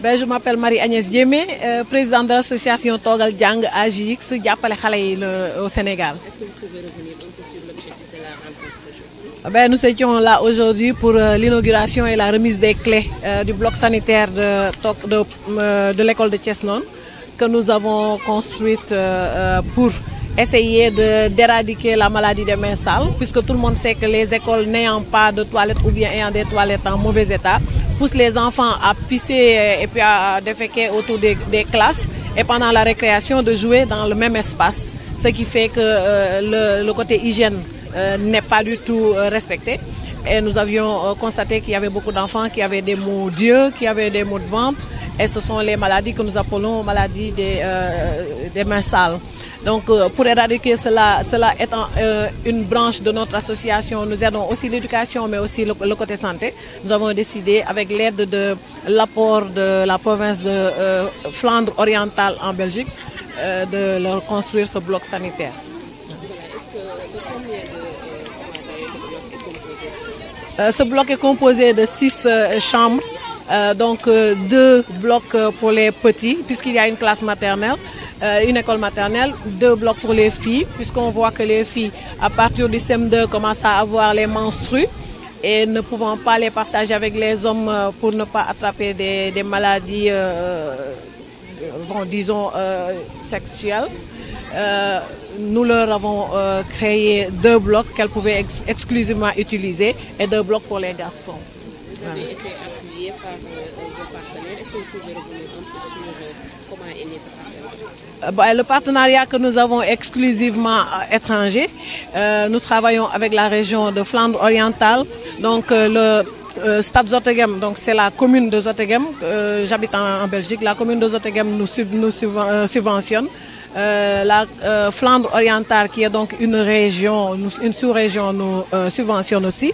Ben, je m'appelle Marie-Agnès Diémé, euh, présidente de l'association Togal Djang AJX, au Sénégal. Est-ce que vous pouvez revenir un peu sur l'objectif de la rencontre ben, Nous étions là aujourd'hui pour euh, l'inauguration et la remise des clés euh, du bloc sanitaire de, l'école de Thiesnon que nous avons construite pour essayer d'éradiquer la maladie des mains sales, puisque tout le monde sait que les écoles n'ayant pas de toilettes ou bien ayant des toilettes en mauvais état, pousse les enfants à pisser euh, et puis à déféquer autour des, classes et pendant la récréation de jouer dans le même espace, ce qui fait que euh, le, côté hygiène euh, n'est pas du tout respecté. Et nous avions constaté qu'il y avait beaucoup d'enfants qui avaient des maux d'yeux, qui avaient des maux de ventre. Et ce sont les maladies que nous appelons maladies des mains sales. Donc, euh, pour éradiquer cela, cela étant euh, une branche de notre association, nous aidons aussi l'éducation, mais aussi le, côté santé. Nous avons décidé, avec l'aide de l'apport de la province de euh, Flandre orientale en Belgique, de leur construire ce bloc sanitaire. ce bloc est composé de six chambres, donc deux blocs pour les petits, puisqu'il y a une classe maternelle. Euh, une école maternelle, deux blocs pour les filles, puisqu'on voit que les filles, à partir du sem 2 commencent à avoir les menstrues et ne pouvant pas les partager avec les hommes euh, pour ne pas attraper des, maladies, euh, disons, sexuelles. nous leur avons créé deux blocs qu'elles pouvaient exclusivement utiliser et deux blocs pour les garçons. Vous avez appuyé par vos partenaires euh, euh, bah, le partenariat que nous avons exclusivement euh, étranger, nous travaillons avec la région de Flandre orientale. Donc le Stade Zottegem, donc c'est la commune de Zottegem, j'habite en, Belgique, la commune de Zottegem nous, subventionne. la Flandre orientale, qui est donc une région, une sous-région, nous subventionne aussi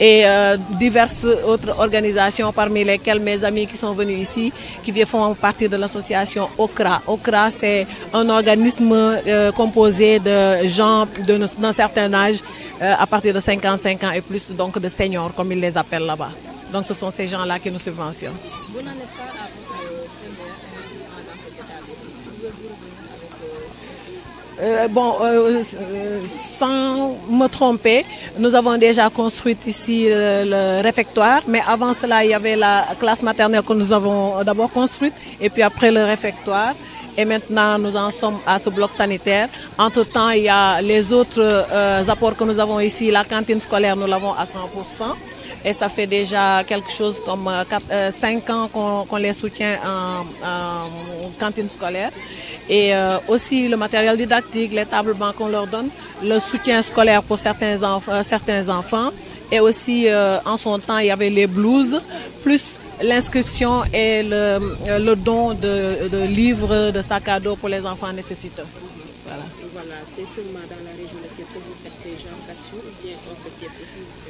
et euh, diverses autres organisations, parmi lesquelles mes amis qui sont venus ici, qui font partie de l'association OCRA. OCRA, c'est un organisme euh, composé de gens d'un certain âge, euh, à partir de 55 ans et plus, donc de seniors, comme ils les appellent là-bas. Donc ce sont ces gens-là qui nous subventionnent. Vous euh, bon, euh, euh, sans me tromper, nous avons déjà construit ici le, réfectoire, mais avant cela, il y avait la classe maternelle que nous avons d'abord construite, et puis après le réfectoire. Et maintenant, nous en sommes à ce bloc sanitaire. Entre-temps, il y a les autres apports que nous avons ici. La cantine scolaire, nous l'avons à 100%. Et ça fait déjà quelque chose comme 5 euh, euh, ans qu'on les soutient en, cantine scolaire. Et euh, aussi le matériel didactique, les tables bancs qu'on leur donne, le soutien scolaire pour certains, certains enfants. Et aussi, en son temps, il y avait les blouses, plus l'inscription et le, don de, livres, de sacs à dos pour les enfants nécessiteux c'est seulement dans la région de ce que vous faites ces gens,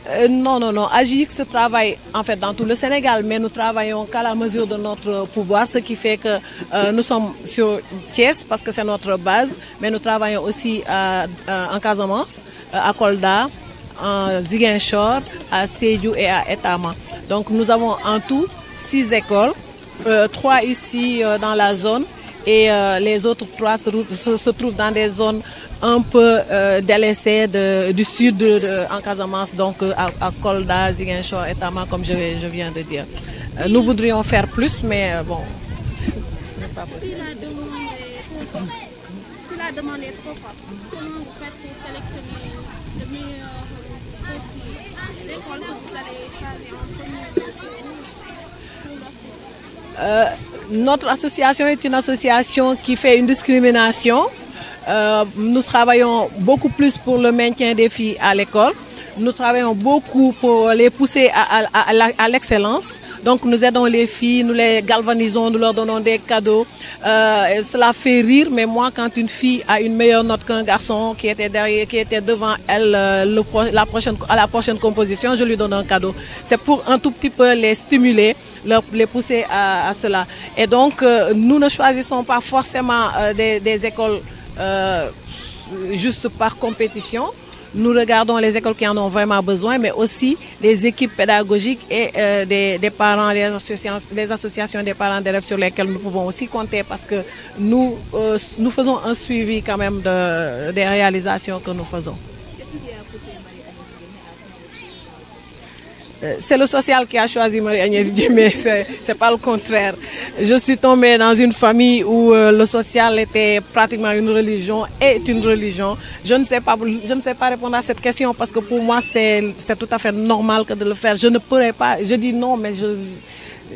euh, Non, non, non. AGX travaille en fait dans tout le Sénégal, mais nous travaillons qu'à la mesure de notre pouvoir, ce qui fait que euh, nous sommes sur Thiès parce que c'est notre base, mais nous travaillons aussi à, euh, en Casamance, à Kolda, en Ziguinchor, à Seyou et à Etama. Donc nous avons en tout six écoles, trois ici dans la zone et euh, les autres trois se, se, trouvent dans des zones un peu euh, délaissées de, du sud de, de, en Casamance, donc euh, à, à Kolda, Ziguinchor et Tama, comme je, je viens de dire. Euh, nous voudrions faire plus, mais bon, ce n'est pas possible. Si la demande est trop forte, comment vous faites pour sélectionner le meilleur l'école que vous allez choisir en premier notre association est une association qui fait une discrimination. Euh, nous travaillons beaucoup plus pour le maintien des filles à l'école. Nous travaillons beaucoup pour les pousser à l'excellence. Donc nous aidons les filles, nous les galvanisons, nous leur donnons des cadeaux. Euh, cela fait rire, mais moi quand une fille a une meilleure note qu'un garçon qui était derrière, qui était devant elle euh, la prochaine, à la prochaine composition, je lui donne un cadeau. C'est pour un tout petit peu les stimuler, leur, les pousser à, cela. Et donc euh, nous ne choisissons pas forcément euh, des, des, écoles juste par compétition. Nous regardons les écoles qui en ont vraiment besoin, mais aussi les équipes pédagogiques et euh, des, parents, les associations, des parents d'élèves sur lesquelles nous pouvons aussi compter parce que nous, euh, nous faisons un suivi quand même des réalisations que nous faisons. quest euh, c'est le social qui a choisi Marie-Agnès ce c'est pas le contraire. Je suis tombée dans une famille où euh, le social était pratiquement une religion, est une religion. Je ne sais pas, je ne sais pas répondre à cette question parce que pour moi c'est tout à fait normal que de le faire. Je ne pourrais pas, je dis non, mais je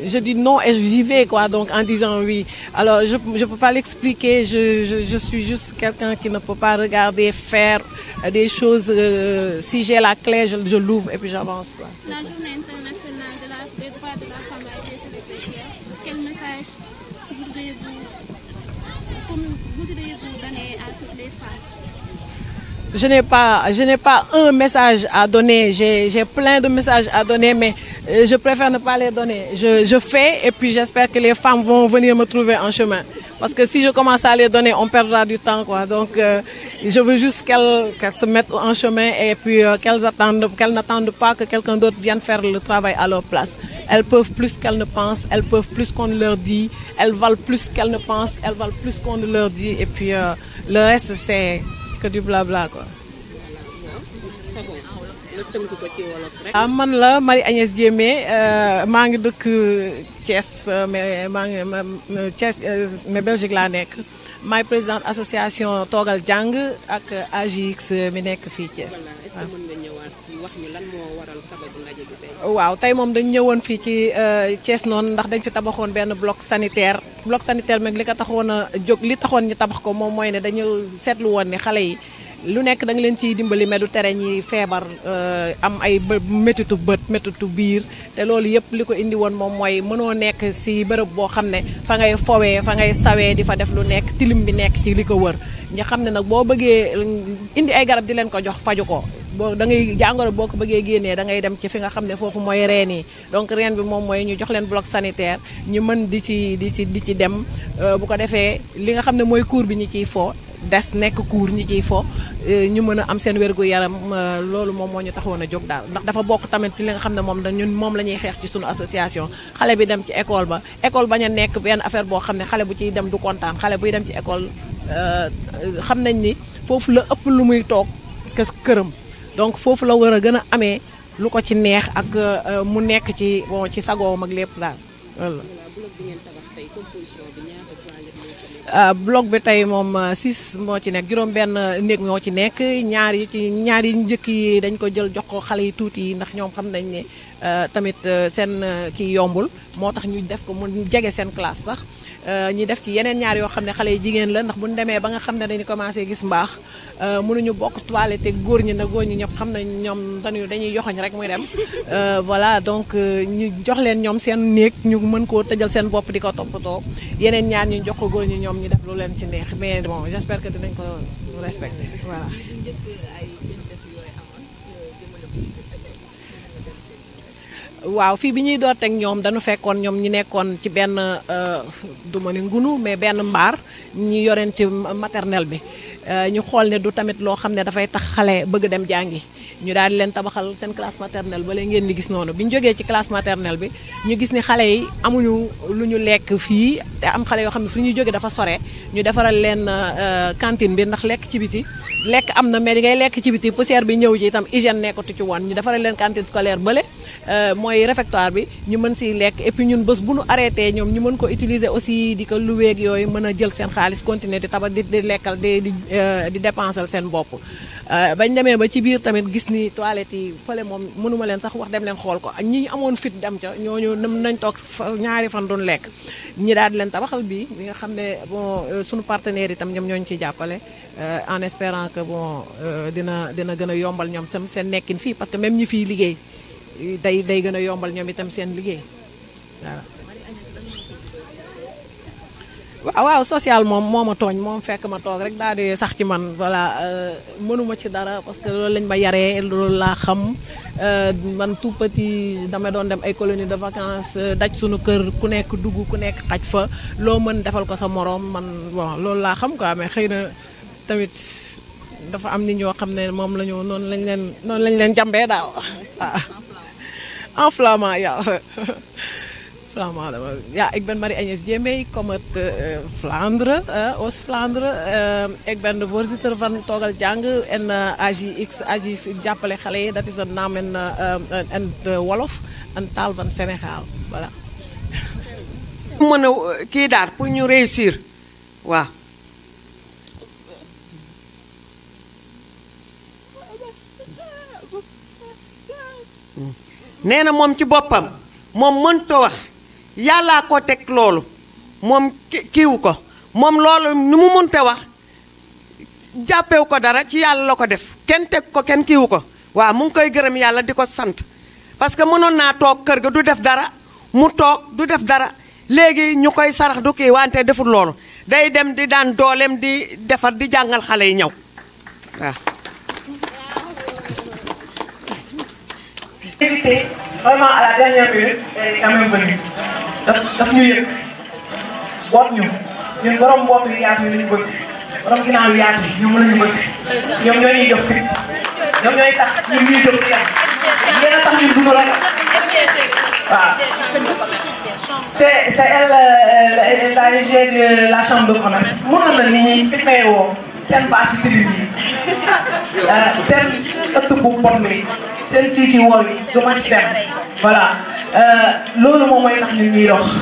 je dis non et je vais, quoi, donc en disant oui. Alors, je ne peux pas l'expliquer, je, je, suis juste quelqu'un qui ne peut pas regarder, faire des choses. Euh, si j'ai la clé, je, l'ouvre et puis j'avance. je n'ai pas, je n'ai pas un message à donner. J'ai plein de messages à donner, mais euh, je préfère ne pas les donner. Je, fais et puis j'espère que les femmes vont venir me trouver en chemin. Parce que si je commence à les donner, on perdra du temps, quoi. Donc, euh, je veux juste qu'elles se mettent en chemin et puis euh, qu'elles attendent, qu'elles n'attendent pas que quelqu'un d'autre vienne faire le travail à leur place. Elles peuvent plus qu'elles ne pensent, elles peuvent plus qu'on leur dit, elles valent plus qu'elles ne pensent, elles valent plus qu'on ne leur dit. Et puis, le reste, c'est que du blabla quoi. ah man la Marie Agnès Diémé euh, mangue de dëkk Thiès mais belgique la Thiès euh, mais Belgique laa nekk maay présidente association togal Jàng ak AJX mi nekk fii Thiès. waaw tey moom dañ ñëwoon fii ci cees euh, noon ndax dañ fi tabaxoon benn bloc sanitaire bloc sanitaire meeg li ko taxoon a jóg li taxoon ñu tabax ko moom mooy ne dañu seetlu woon ni xale yi lu nekk da leen ciy dimbali mais du tere ñi feebar euh, am ay métitu bët métitu biir te loolu yëpp li ko indi woon moom mooy mënoo nekk si bërëb boo xam ne fa ngay fowee fa ngay sawee di fa def lu nekk tilim bi nekk ci li ko wër ñi xam ne nag boo bëggee euh, indi ay garab di leen ko jox faju ko boo da ngay jàngoro boo ko bëggee génnee da ngay dem ci fi xam ne foofu mooy reen yi donc reen bi moom mooy ñu jox leen bloc sanitaire ñu mën di ci di ci di ci dem euh, bu ko defee li nga xam ne mooy cour bi ñu ciy foo des nekk kuur ñi ciy fo euh, ñu mën a am seen wérgu yaram euh, loolu moom moo ñu taxoon a jóg daal ndax dafa bokk tamit ci li nga xam ne moom dañun moom la ñuy xeex ci sunu association xale bi dem ci école ba école bañ a nekk benn affaire boo xam ne xale bu ciy dem du kontaan xale buy dem ci école euh, xam nañ ni foofu la ëpp lu muy toog kës këram donc foofu la war a gën a amee lu ko ci neex ak mu nekk ci ci sagoom ak lépp daal Euh, bloc bi tey moom euh, six moo ci nekk juróom-benn néeg ñoo ci nekk ñaar yi ci ñaar yi njëkk yi dañ ko jël jox ko xale yi tuuti yi ndax ñoom xam nañ ne euh, tamit seen kii yombul moo tax ñu def ko mu jege seen classe sax Euh, ñi def ci yeneen ñaar yoo xam ne xale yi jigéen la ndax bu ñu demee ba nga xam ne dañu commencé gis mbaax euh, ñu bokk toilette te góor ñi na góor ñi ñëpp xam nañ ñoom dañuy dañuy yoxoñ rek muy dem euh, voilà donc ñu jox leen ñoom seen néeg ñu mën koo tëjal seen bopp di ko toppatoo yeneen ñaar ñu jox ko góor ñi ñoom ñu def lu leen ci neex mais bon j'espère que dinañ ko respecter voilà waaw fii bi ñuy door teg ñoom dañu fekkoon ñoom ñi nekkoon ci benn euh, du ma ne ngunu mais benn mbaar ñi yoreen ci maternelle bi euh, ñu xool ne du tamit loo xam ne dafay tax xale bëgg dem jàngi ñu daal di leen tabaxal seen classe maternelle ba leen ngeen di gis noonu bi ñu jógee ci classe maternelle bi ñu gis ni xale yi amuñu lu ñu lekk fii te am xale yoo xam ne fu ñu jógee dafa sore ñu defaral leen euh, cantine bi ndax lekk ci biti lekk am na mais di ngay lekk ci biti poussière bi ñëw ji itam hygiène nekkatu ci woon ñu defaral leen cantine scolaire bële euh, mooy réfectoire bi ñu mën si lekk et puis ñun bés bu nu arrêté ñoom ñu mën ko utiliser aussi di ko luweeg yooyu mën a jël seen xaalis continuer di tabax di di lekkal di di euh, dépensal seen bopp gis ni toilettes yi fële moom mënuma leen sax wax dem leen xool ko ak ñi ñu amoon fit dem ca ñooñu nañ toog ñaari fan doon lekk ñi daal leen tabaxal bii bi nga xam ne bon euh, suñu partenaire itam ñoom ñooñu ciy jàppale euh, en espérant que bon euh, dina dina gën a yombal ñoom itam seen nekkin fii parce que même ñi fiy liggéey day day gën a yombal ñoom itam seen liggéey waaw social moom moo ma tooñ moom fekk ma toog rek daa di sax ci man voilà euh, mënuma ci dara parce que loolu lañ ma yaree loolu laa xam euh, man tout petit dama doon dem ay colonie de vacances euh, daj suñu kër ku nekk dugg ku nekk xaj fa loo mën defal ko sa moroom man bon loolu laa xam quoi mais xëy na tamit dafa am nit ñoo xam ne moom la ñu noonu lañ leen noonu lañ leen jambee daaw waaw enflammant Ja, ik ben Marie-Agnes Djeme, ik kom uit eh, Vlaanderen, eh, Oost-Vlaanderen. Eh, ik ben de voorzitter van Togal Django en AGX, AGX Djapele Gale, dat is een naam en, en de Wolof, een taal van Senegal. Voilà. Mano, kijk daar, pour nous réussir. Wauw. Hm. nee na nou, moom je boppen moom wax yàllaa ko teg loolu moom kiiwu ko moom loolu nu mu munte wax jàppewu ko dara ci yàlla la ko def kenn teg ko kenn kiiwu ko waaw mu ngi koy gërëm yàlla di ko sant parce que mënoon naa toog kër ga du def dara mu toog du def dara léegi ñu koy sarax du kii wante deful loolu day dem di daan dooleem di defar di jàngal xale yi ñëw waaw été vraiment à la dernière minute elle est quand même venue daf ñu yëg boot ñu ñun borom bopp yu yaatu ñu bëgg borom ginnaaw yu yaatu ñu mëna ñu bëgg ñoom ñoo ñuy jox fit ñoom ñooy tax ñu ñuy jox ci yéen a tax ñu dund rek waaw c'est c'est elle euh, la DG de la chambre de commerce mënoon na ni ñuy filmé woo seen bâche ci bi Euh, seen ëtt bu bon bi seen sii si woow yi du ma ci dem voilà euh, loolu moom mooy tax ñu ñuy dox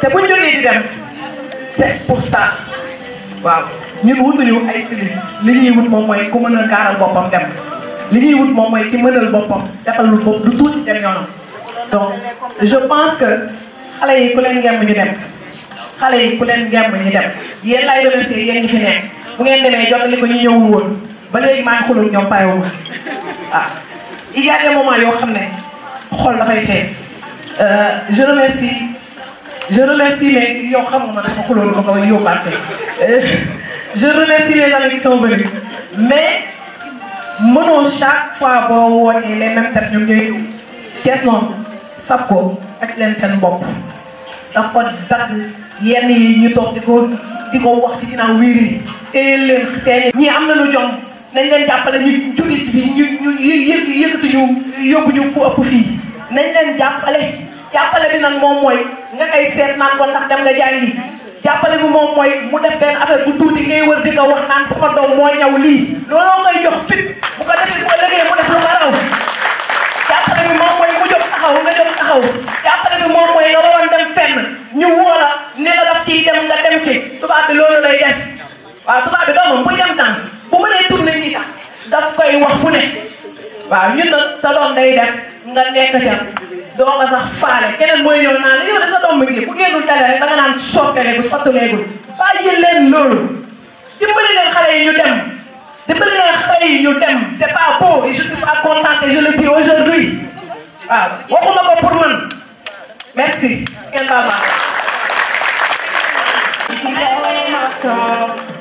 te buñ jógee di dem c'est pour ça waaw ñun wutuñu ay styliste li ñuy wut moom mooy ku mën a gaaral boppam dem li ñuy wut moom mooy ci mënal boppam defal lu bopp du tuuti dem yoonam donc je pense que xale yi ku leen ngemb ñu dem xale yi ku leen ngemb ñu dem yéen laay remercier yéen ñu fi nekk bu ngeen demee jot li ko ñu ñëwul woon ba léegi maa ngi xulóog ñoom paay ma ah il y a des moments yoo xam ne xol dafay fees euh, je remercie je remercie mais yow xamuma ma dafa xulóog ko nga yóbbaante euh, je remercie les amis qui sont venus mais mënoo chaque fois boo wootee les mêmes thèmes ñoom ñooy Cees noonu sab ko ak leen seen bopp dafa dagg yenn yi ñu toog di ko di ko wax wiiri téye leen seen ñii am na lu jom nañ leen jàppale ñu jóge fii ñu ñu yë yëkkati ñu yóbbu ñu fu ëpp fii nañ leen jàppale jàppale bi nag moom mooy nga koy seet naan ko ndax dem nga jàngi jàppale bi moom mooy mu def benn bu tuuti ngay wër di ko wax naan sama doom moo lii looloo ngay jox fit bu ko defee bu ëllëgee mu def lu ko raw jàppale bi moom mooy mu jóg taxaw nga jóg taxaw jàppale bi moom mooy nga waroon dem fenn ñu woo la ne la daf dem nga dem ci tubaab bi loolu lay def waaw tubaab bi doomam buy dem danse koy wax fu ne waaw ñun nag sa doom day dem nga nekk ca doo nga sax faale keneen mooy ñëw naan yow de sa doom mi ngi bu génnul tale rek da nga naan sottereegu sottuleegul bàyyi leen loolu dimbali leen xale yi ñu dem dimbali leen xale yi ñu dem c'est pas beau et je suis pas content et je le dis aujourd'hui waaw waxuma ko pour man merci ngeen baal ma